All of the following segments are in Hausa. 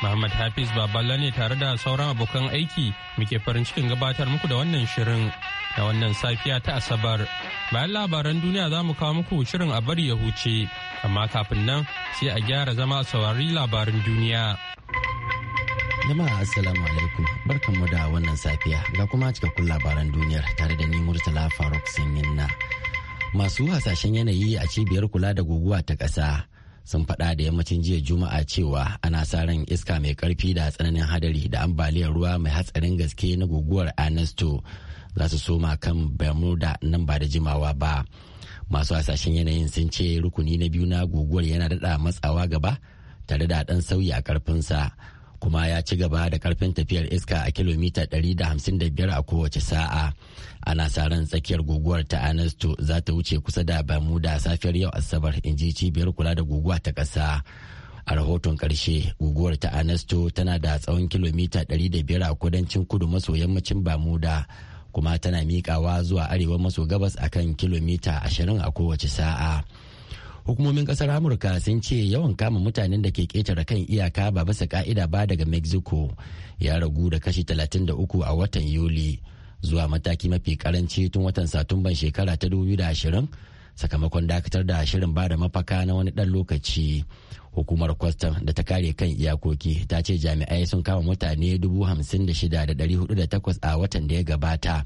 Muhammad Hafiz Baballa ne tare da sauran abokan aiki muke farin cikin gabatar muku da wannan shirin da wannan safiya ta Asabar. Bayan labaran duniya za mu kawo muku shirin a bari ya huce, amma kafin nan sai a gyara zama a saurari labarin duniya. Jama'a Assalamu alaikum mu da wannan safiya ga kuma cikakkun labaran duniyar tare da ni Murtala Faruk Sininna. Masu hasashen yanayi a cibiyar kula da guguwa ta ƙasa. sun faɗa da yammacin jiya juma'a cewa ana sa ran iska mai karfi da tsananin hadari da ambaliyar ruwa mai hatsarin gaske na guguwar ernesto za su soma kan bermuda nan ba da jimawa ba masu hasashen yanayin sun ce rukuni na biyu na guguwar yana daɗa matsawa gaba tare da ɗan sauyi a karfinsa kuma ya ci gaba da karfin tafiyar iska a kilomita 155 a kowace sa'a. ana sa ran tsakiyar guguwar ta anasto za ta wuce kusa da bamuda safiyar yau asabar in ji cibiyar kula da guguwa ta ƙasa a rahoton ƙarshe guguwar ta anasto tana da tsawon kilomita 500 a kudancin kudu maso yammacin bamuda kuma tana miƙawa zuwa arewa maso gabas akan kilomita 20 a kowace sa'a hukumomin kasar amurka sun ce yawan kama mutanen da ke ƙetare kan iyaka ba bisa ka'ida ba daga mexico ya ragu da kashi 33 a watan yuli zuwa mataki mafi karanci tun watan satumban shekara ta 2020 sakamakon dakatar da shirin da mafaka na wani dan lokaci hukumar kwastam da ta kare kan iyakoki ta ce jami'ai sun kama mutane 56,408 a watan da ya gabata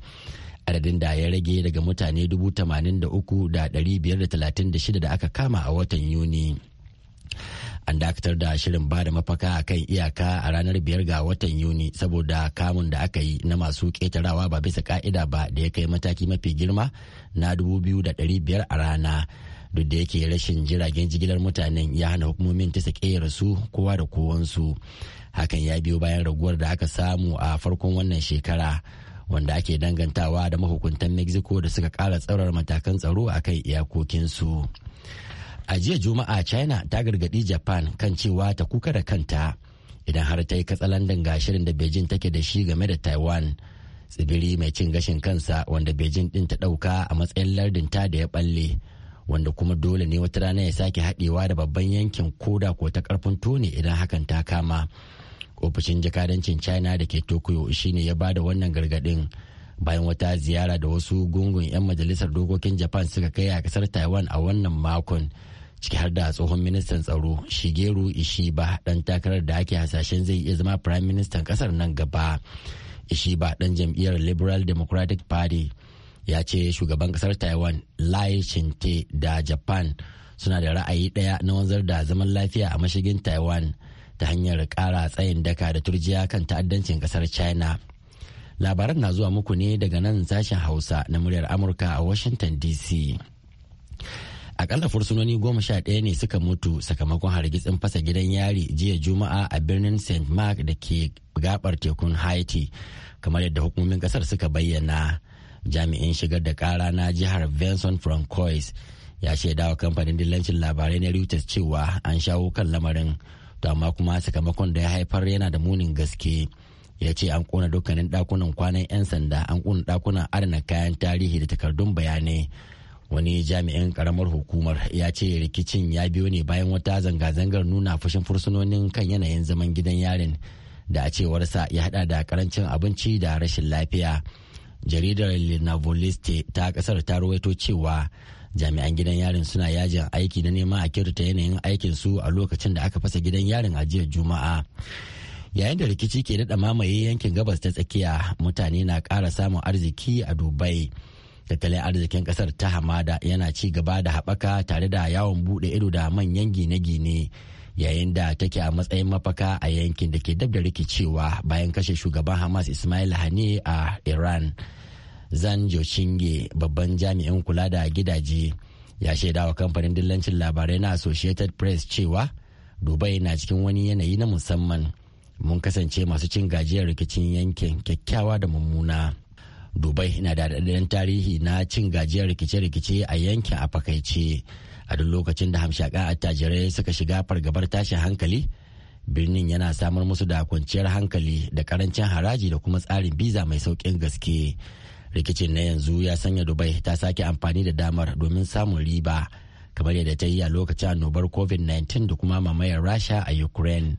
adadin da ya rage daga mutane 83,536 da aka kama a watan yuni an dakatar da shirin bada mafaka a kan iyaka a ranar biyar ga watan yuni saboda kamun da aka yi na masu ketarawa ba bisa ka'ida ba da ya kai mataki mafi girma na da biyar a rana duk da yake rashin jiragen jigilar mutanen ya hana hukumomin ta sakeyar su kowa da kowansu hakan ya biyo bayan raguwar da aka samu a farkon wannan shekara wanda ake dangantawa da mahukuntan mexico da suka kara tsaurar matakan tsaro akan iyakokinsu. iyakokinsu a jiya juma'a china ta gargadi japan kan cewa ta kuka da kanta idan har ta yi katsalandan ga shirin da beijing take da shi game da taiwan tsibiri mai cin gashin kansa wanda beijing din ta dauka a matsayin lardin ta da ya balle wanda kuma dole ne wata rana ya sake haɗewa da babban yankin koda ko ta karfin tone idan hakan ta kama ofishin jakadancin china da ke tokyo shine ya bada wannan gargadin bayan wata ziyara da wasu gungun 'yan majalisar dokokin japan suka kai a kasar taiwan a wannan makon ciki har da tsohon ministan tsaro shigeru ishiba dan takarar da ake hasashen zai iya zama prime minister kasar nan gaba ishiba dan jam'iyyar liberal democratic party ya ce shugaban kasar taiwan lai shinte da japan suna da ra'ayi ɗaya na wanzar da zaman lafiya a mashigin taiwan ta hanyar kara tsayin daka da turjiya kan ta'addancin kasar china labaran na zuwa muku ne daga nan sashen hausa na muryar amurka a washington dc akalla fursunoni goma sha ɗaya ne suka mutu sakamakon hargitsin fasa gidan yari jiya juma'a a birnin st mark da ke gabar tekun haiti kamar yadda hukumomin kasar suka bayyana jami'in shigar da kara na jihar vincent francois ya shaida wa kamfanin dillancin labarai na reuters cewa an shawo kan lamarin to amma kuma sakamakon da ya haifar yana da munin gaske ya ce an kona dukkanin dakunan kwanan 'yan sanda an kona dakunan adana kayan tarihi da takardun bayanai wani jami'in karamar hukumar ya ce rikicin ya biyo ne bayan wata zanga-zangar nuna fushin fursunonin kan yanayin zaman gidan yarin da a cewarsa ya hada da karancin abinci da rashin lafiya jaridar linavoliste ta kasar ta rawaito cewa jami'an gidan yarin suna yajin aiki na nema a kyautata yanayin aikin su a lokacin da aka fasa gidan yarin a jiya juma'a yayin da rikici ke daɗa mamaye yankin gabas ta tsakiya mutane na ƙara samun arziki a dubai tattalin arzikin kasar ta hamada yana ci gaba da haɓaka tare da yawon buɗe ido da manyan gine-gine yayin da take a matsayin mafaka a yankin da ke dab da rikicewa bayan kashe shugaban hamas ismail hani a iran zan joshinge babban jami'in kula da gidaje ya shaida wa kamfanin dillancin labarai na associated press cewa dubai na cikin wani yanayi na musamman mun kasance masu cin gajiyar rikicin yankin kyakkyawa da mummuna. dubai na da daɗaɗɗen tarihi na cin gajiyar rikice-rikice a yankin a fakaice a duk lokacin da hamshaka attajirai suka shiga fargabar tashin hankali birnin yana samar musu da kwanciyar hankali da karancin haraji da kuma tsarin biza mai sauƙin gaske rikicin na yanzu ya sanya dubai ta sake amfani da damar domin samun riba kamar yadda ta yi a lokacin annobar covid-19 da kuma mamayar rasha a ukraine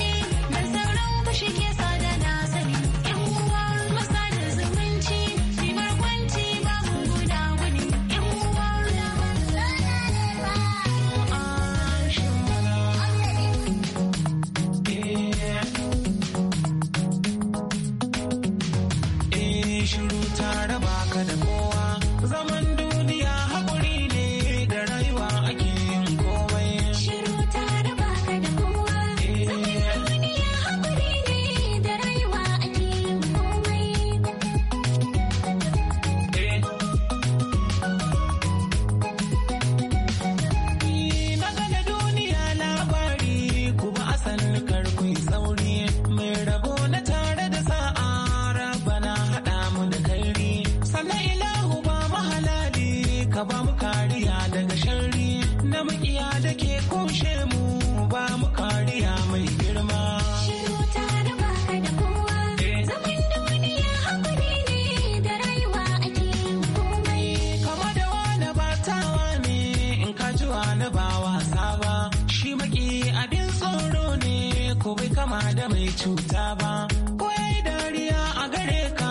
kama da mai cuta ba ko dariya a gare ka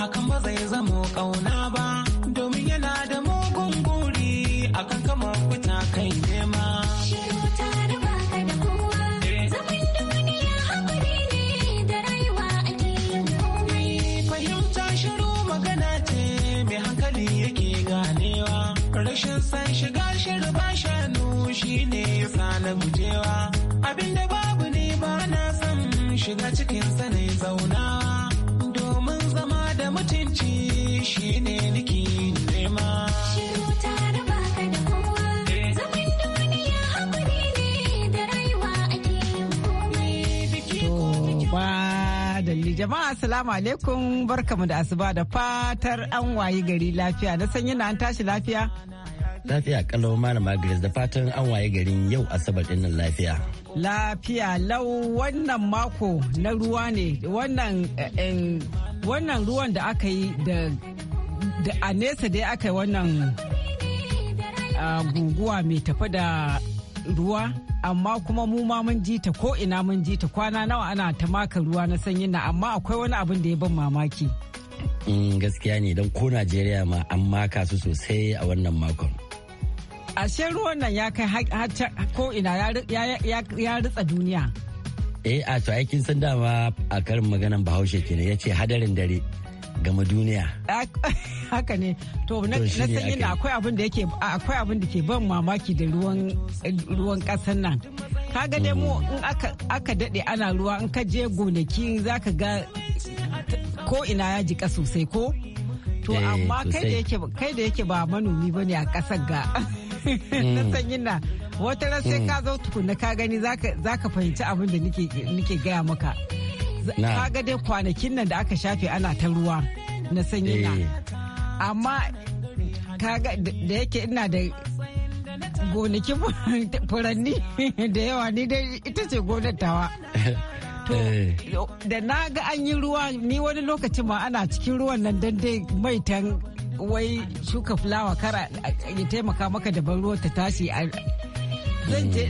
hakan ba zai zamo kauna ba shiga cikin sani zauna domin zama da mutunci shi eh. ne niki nema. jama'a assalamu alaikum barkamu da asuba da fatar an wayi gari lafiya na san yana an tashi lafiya Lafiya kalau malama Grace da fatan an waye garin yau Asabar dinnan lafiya. Lafiya lau wannan mako na ruwa ne wannan eh, eh, ruwan da aka yi da a nesa dai aka yi wannan guguwa mai tafi da ruwa amma kuma mu ma mun ji ta ko ina mun ji ta kwana nawa ana ta maka ruwa na sanyi na amma akwai wani abin da ya ban mamaki. Mm, gaskiya ne don ko najeriya ma an maka su sosai a wannan makon. ashe ruwan nan ya kai ko ina ya ritsa duniya eh a to aikin san dama a karin maganan bahaushe kenan ya ce hadarin dare gama duniya haka ne to na san yana akwai abin da yake akwai abin da ke ban mamaki da ruwan kasan nan ka ga mu mm. in aka daɗe dade ana ruwa in ka je gonaki zaka ga ko ina ya jika sosai ko to eh, amma kai da yake kai da yake ba manomi bane a kasar ga na hmm. sanyin na wata ran sai ka hmm. zo tukunna ka gani zaka zaka fahimci abin da nake nake gaya maka ka ga dai kwanakin nan da aka shafe ana ta ruwa na sanyi na eh. amma ka ga da yake ina da gonakin furanni da yawa ni dai ita ce gonar tawa To, eh. da na ga an yi ruwa ni wani lokaci ma ana cikin ruwan nan don dai tan wai shuka fulawa kara ya taimaka maka da ruwa ta tashi zan je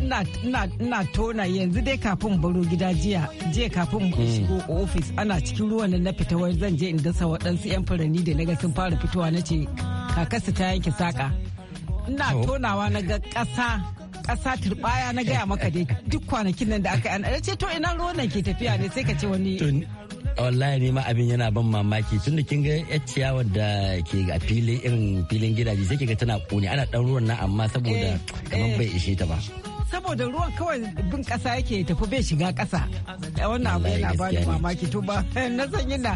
ina tona yanzu dai kafin baro gida jiya jiya kafin hmm. shigo ofis ana cikin ruwan nan na fita wai zan je in dasa waɗansu 'yan furanni da naga sun fara fitowa na ce kakarsu ta yanke saka ina tonawa na ga ƙasa ƙasa baya na gaya maka dai duk kwanakin nan da aka yi ce to ina ruwan nan ke tafiya ne sai ka ce wani wallahi ne ma abin yana ban mamaki tun da kin ga yar ciyawar da ke ga filin irin filin gidaje sai ga tana kone ana dan ruwan nan amma saboda eh, kamar bai eh. ishe ta ba saboda ruwan kawai bin kasa yake tafi bai shiga kasa eh, wannan abu yana bani mamaki to ba na san yana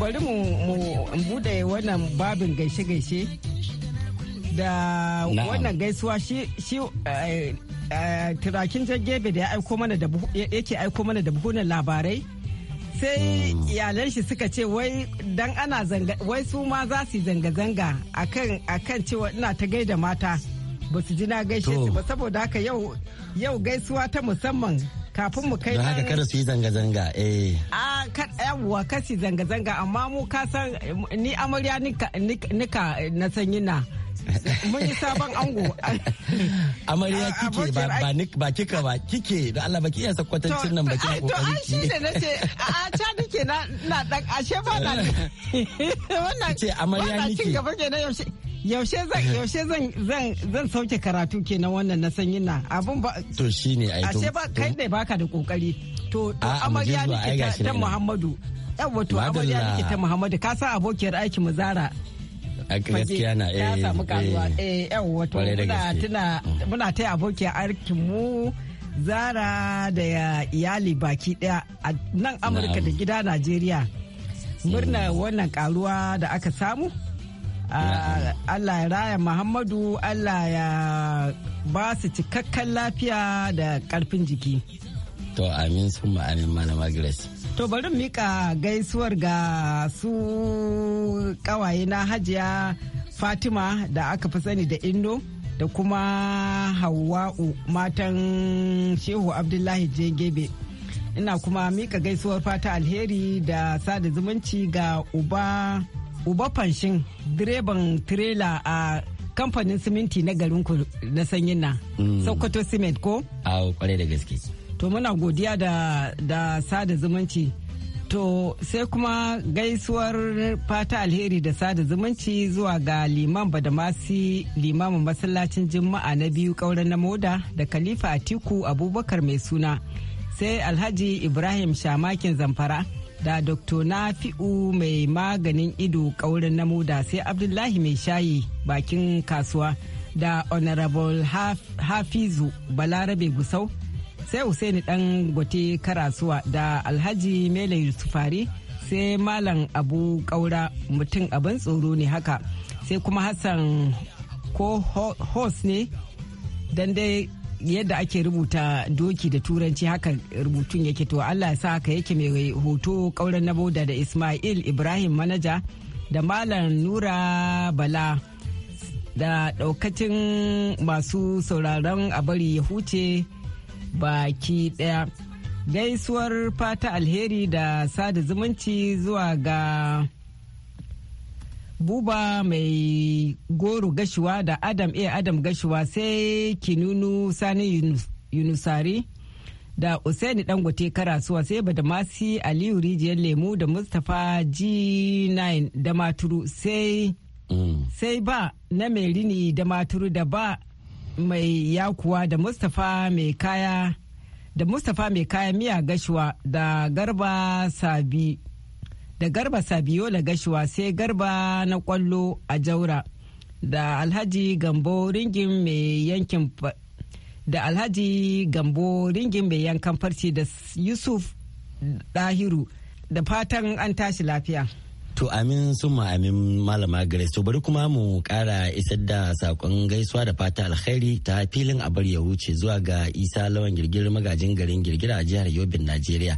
bari mu bude wannan babin gaishe-gaishe da wannan gaisuwa shi eh, eh, turakin gebe da yake aiko mana da buhunan labarai sai hmm. iyalan shi suka ce wai dan ana zanga wai su ma za su zanga-zanga akan cewa ina ta gaida mata ba su ji na gaishe su ba saboda haka yau gaisuwa ta musamman kafin mu kai haka kada su yi zanga-zanga eh a yawwa kasi zanga-zanga amma mu ka san ni amarya nika eh, na sanyi na mun yi sabon ango amarya kike ba ba ba kika ba kike da Allah baki iya sakwatancin nan baki ko kike to ai shi da nace a ta nike na na dan ashe ba na wannan ce amarya nike wannan cin gaba yaushe yaushe zan eh. yaushe zan zan zan sauke karatu ke na wannan na sanyin na abun ba to shine ai to ashe ba kai ne baka da kokari to amarya nake ta Muhammadu yawa to amarya nake ta Muhammadu ka sa abokiyar aiki mu zara a gaskiya na eh ya samu karuwa eh, eh yawa to muna tuna muna taya abokiyar aikin mu zara da iyali baki daya a nan Amurka da gida Najeriya murna wannan karuwa da aka samu Allah ya raya Muhammadu Allah ya ba su cikakken lafiya da karfin jiki. To amin sun ma'anin mana To bari mika gaisuwar ga su kawaye na hajiya Fatima da aka fi sani da Indo da kuma Hawwa'u matan Shehu Abdullahi Jegebe. Ina kuma mika gaisuwar fata alheri da sada zumunci ga uba uba fanshin direban tirela a kamfanin siminti na garin ku na sanyin nan mm. sokoto cement ko awo kwarai da gaske to muna godiya da da sada zumunci to sai kuma gaisuwar fata alheri da sada zumunci zuwa ga liman badamasi limamin masallacin juma'a na biyu kauren na moda da khalifa atiku abubakar mai suna sai alhaji ibrahim shamakin zamfara da dr nafi'u mai maganin ido kaurin muda sai abdullahi mai shayi bakin kasuwa da honorable hafizu balarabe gusau sai Usaini dan gote karasuwa da alhaji mele yusufari sai malam abu kaura mutum abin tsoro ne haka sai kuma hassan ko hos ne don dai yadda ake rubuta doki da turanci haka rubutun yake to Allah sa haka yake mai hoto kauran na boda da Ismail Ibrahim manaja da Malam Nura Bala da daukacin masu sauraron a bari ya huce baki daya gaisuwar fata alheri da sada zumunci zuwa ga buba mai goro gashuwa da adam a eh, adam gashua sai kinunu sani yunusari da usaini dangote karasuwa sai badamasi aliyu rijiyar lemu da mustapha g9 da maturu sai mm. sai ba na mai rini da maturu da ba mai yakuwa da mustapha mai kaya da mustapha mai kaya miya gashuwa da garba sabi da garba sabiola gashuwa sai garba na kwallo a jaura da alhaji gambo ringin mai yankin da alhaji gambo ringin mai yankan farci da yusuf dahiru da fatan an tashi lafiya To amin sun amin malama Grace. To bari kuma mu kara isar da sakon gaisuwa da fata alkhairi ta filin abar ya wuce zuwa ga Isa Lawan girgirar magajin garin Girgira a jihar Yobin Najeriya.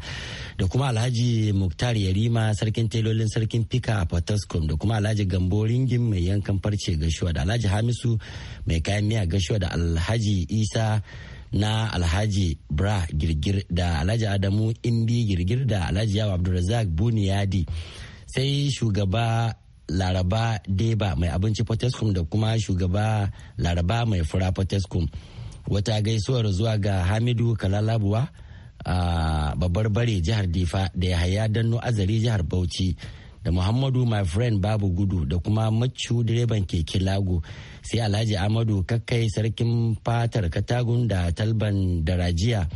Da kuma Alhaji Muktar Yarima sarkin telolin sarkin Fika a Potoskum da kuma Alhaji Gambo Ringin mai yankan farce gashuwa da Alhaji Hamisu mai kayan miya gashuwa da Alhaji Isa na alhaji bra girgir da alhaji adamu indi girgir da alhaji yawa abdulrazak buniyadi sai shugaba laraba deba mai abinci potescum da kuma shugaba laraba mai fura potescum wata gaisuwar zuwa ga hamidu kalalabuwa a babbar bare jihar difa da yahaya danno azari jihar bauchi da muhammadu my friend babu gudu da kuma macu direban keke lago sai alhaji amadu kakkai sarkin fatar katagun da talban darajiya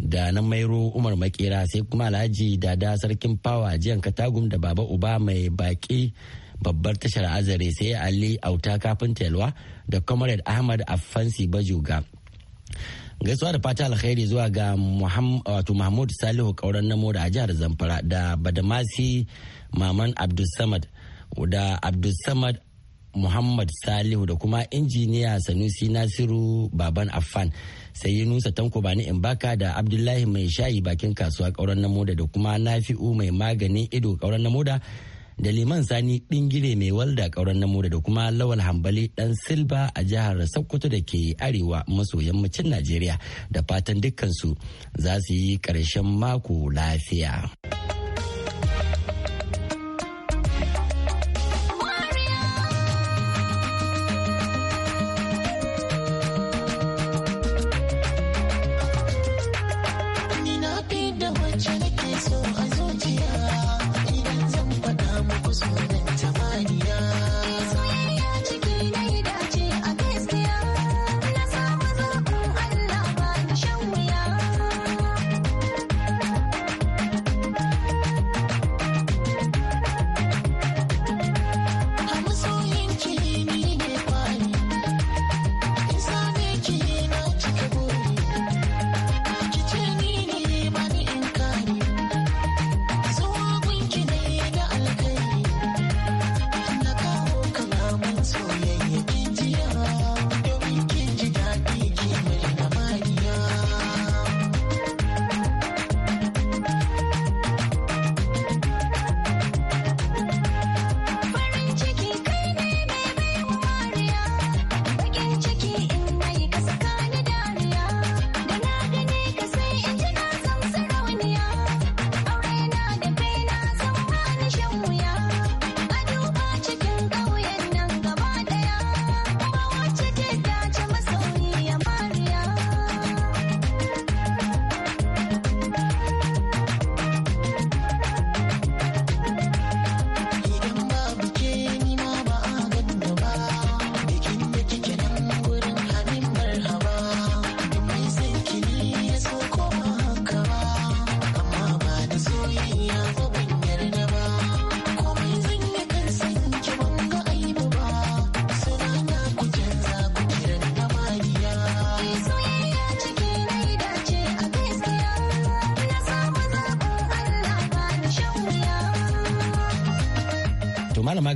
da na mairo umar makera sai kuma alhaji dada sarkin fawa jiyan katagum da baba uba mai baki babbar tashar azare sai ali auta kafin telwa da comrade ahmad afansi bajuga gaisuwa da fata alkhairi zuwa ga wato mahmud salihu kauran namo da a jihar zamfara da badamasi maman abdulsamad da abdulsamad Muhammad Salihu da kuma injiniya Sanusi Nasiru Baban Affan sai yi nusa Tanko Bani Imbaka da Abdullahi mai shayi bakin kasuwa kauran moda da kuma Nafi'u mai maganin ido kauran namoda da Liman Sani Dingire mai walda kauran namo da kuma Lawal Hambali dan Silba a jihar Sokoto da ke arewa maso yammacin Najeriya da fatan dukkansu za su yi ƙarshen mako lafiya.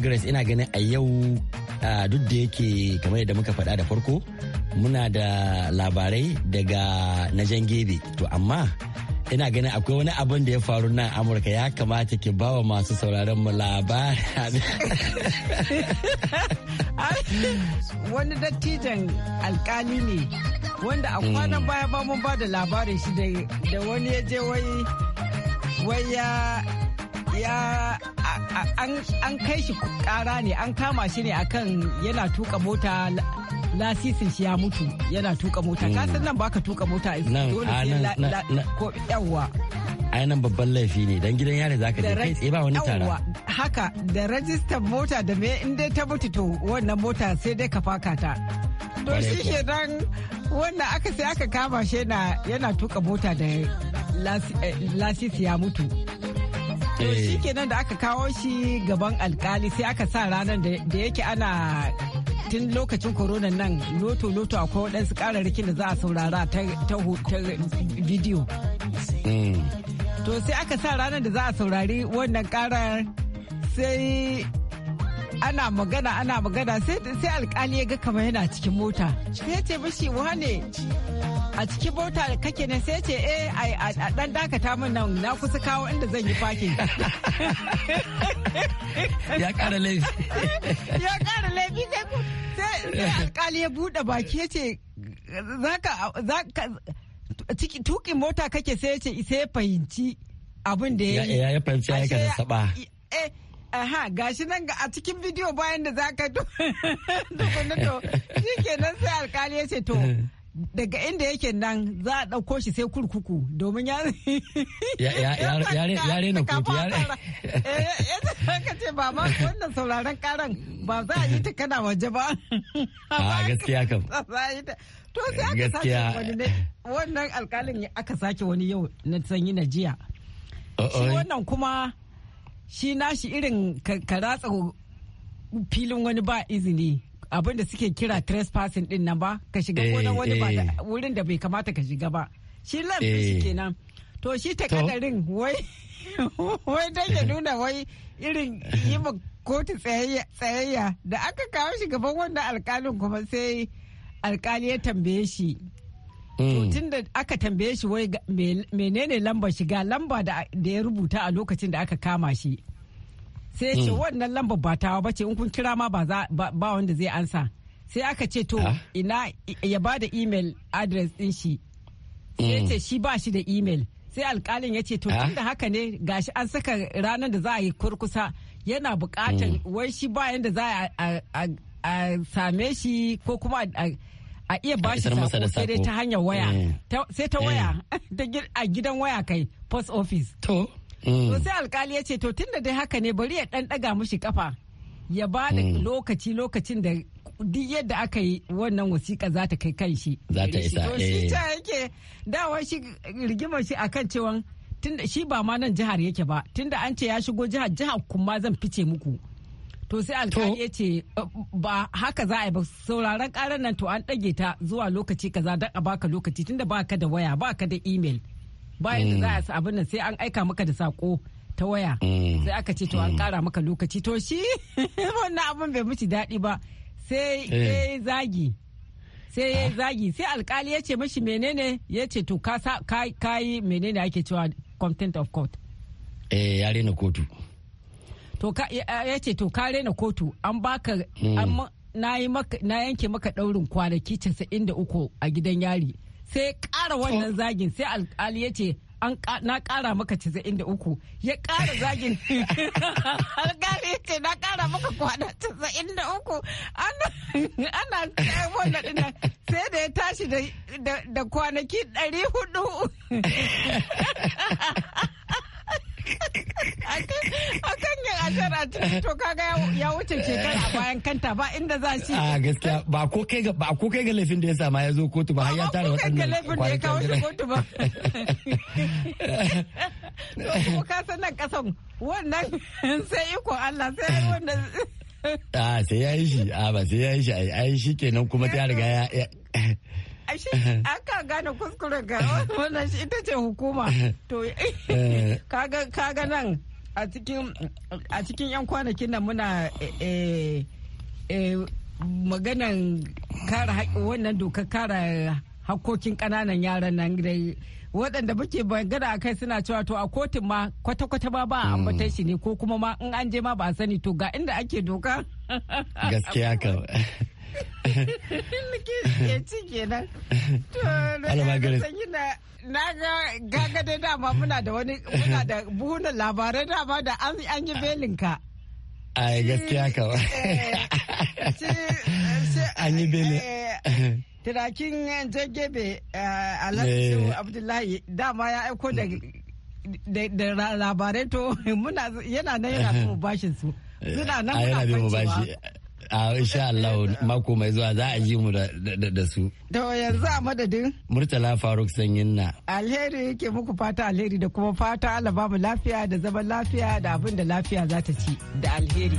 Margaret ina ganin a yau duk da yake kamar yadda muka faɗa da farko muna da labarai daga na gebe to amma ina ganin akwai wani abin da ya faru nan amurka ya kamata ki bawa masu sauraron mu labarai wani dattijan alkali ne wanda a kwanan mm. baya ba mun ba da labarin shi da wani ya je wai ya an kai shi kara ne an kama shi ne akan yana tuka mota lasisin shi ya mutu yana tuka mota ka san nan baka tuka mota dole ko yawa ai nan babban laifi ne dan gidan yare zaka je kai tsaye ba wani tara haka da rajistar mota da me in dai ta mutu to wannan mota sai dai ka faka ta to shi shi dan wannan aka sai aka kama shi yana tuka mota da eh, lasisi ya mutu to eh. shi kenan da aka kawo shi gaban alkali sai aka sa ranar da yake ana tun lokacin korona nan loto loto akwai waɗansu kararrakin da za a saurara ta bidiyo mm. to sai aka sa ranar da za a saurari wannan karar sai ana magana ana magana sai alkali ya ga kamar yana cikin mota sai ce mashi wane a cikin mota da kake ne sai ce eh a dan dakata min nan na kusa kawo inda zan yi fakin ya kara laifi ya kara laifi sai alkali ya bude baki ya ce zaka tukin mota kake sai ya ce sai ya fahimci abin da ya yi ya fahimci ya aikata saba e, Aha, gashi nan a cikin bidiyo bayan da za ka to, shi kenan sai alkali ya ce to, daga inda yake nan za a ɗauko shi sai kurkuku domin ya rena kotu ya ka eh, ce ba ma wannan sauraron karan ba za a yi ta kana waje ba a gaskiya kam to sai aka sake wani ne wannan alkalin aka sake wani yau na sanyi na jiya shi wannan kuma shi nashi irin ka ratsa filin wani ba izini abin da suke kira trespassing din nan ba ka shiga gona eh, wani ba eh. wurin da bai kamata ka shiga ba shi lamfi shi eh. kenan to shi ta kadarin wai wai dan ya nuna wai irin yi ma kotu tsayayya da aka kawo shi gaban wannan alkalin kuma sai alkali ya tambaye shi mm. tun da aka tambaye shi wai menene lambar shiga lamba da ya rubuta a lokacin da aka kama shi sai ce mm. wannan lambar ba tawa ba ce in kun kira ma ba wanda zai ansa sai aka ce to ina ya ba da email address din shi sai ce mm. shi ba shi da email sai alkalin ya ce to tun da haka ne gashi an saka ranar da za a yi kurkusa yana bukatar mm. wai shi ba yadda za a same shi ko kuma a iya ba shi sako sai dai ta hanyar waya sai ta waya a gidan waya kai post office to Mm. to sai alkali ya ce to tunda dai haka ne bari ya dan daga mushi kafa ya ba da mm. lokaci lokacin da duk yadda aka yi wannan wasiƙa za ta kai kan shi. Za ta isa. To shi eh. ta yake dawa shi rigimar shi akan cewa tunda shi ba ma nan jihar yake ba tunda an ce ya shigo jihar jihar kuma zan fice muku. To sai alkali ya ce ba haka za a yi ba sauraron karar nan to an ɗage ta zuwa lokaci kaza don a baka lokaci tunda ba ka da waya ba ka da email. bayan mm. da za a abin nan sai an aika maka da sako ta waya mm. sai aka ce to an kara mm. maka lokaci to shi wannan abin bai mishi daɗi ba sai eh. ya zagi sai ya ah. zagi sai alkali ya ce mashi menene ya ce to ka yi menene ake cewa content of court eh ya rena kotu to ya ce to ka rena kotu an baka na yanke maka daurin kwanaki 93 a gidan yari sai ƙara wannan zagin sai alƙali ya ce na ƙara maka casa'in da uku ya ƙara zagin alƙali ya ce na ƙara maka kwana casa'in da uku ana wannan ɗina sai da ya tashi da kwanaki 400 A kan yin ashara to kaga ya wuce shekara bayan kanta ba inda za shi a gaskiya ba ko kai ga ba ko kai ga laifin da ya sama ya zo kotu ba har ya tara wannan. ba ko kai ga laifin da ya kawo shi kotu ba ko ka san nan kasan wannan sai iko Allah sai wannan a ah, sai ya yi shi a ah, ba sai ya yi shi ai ai shi kenan kuma ta riga ya ashe aka gane kuskuren ka wannan shi ita ce hukuma to eh, eh. kaga nan a cikin yan kwanakin nan muna eh, maganan kare wannan doka kara hakkokin kananan yaran nan dai waɗanda muke bangana a kai suna cewa to a kotun ma kwata-kwata ba ba a hmm. ambatan shi ne ko kuma ma in an je ma ba a sani to ga inda ake doka gaskiya kawai ya ci kenan. Almagari. Na gaga dai dama muna da wani muna da buhunan labarai dama da an yi belinka. Ai gaskiya kawai. An yi belin. Tirakin jagebe Alhassu Abdullahi dama ya aiko da labarai to muna yana nan yana mu bashin su. Eh, Suna nan muna kwancewa. a insha Allah mako mai zuwa za a ji mu da su da yanzu a madadin murtala faruk sanyin na alheri yake muku fata alheri da kuma fata Allah ba lafiya da zaman lafiya da abin da lafiya za ta ci da alheri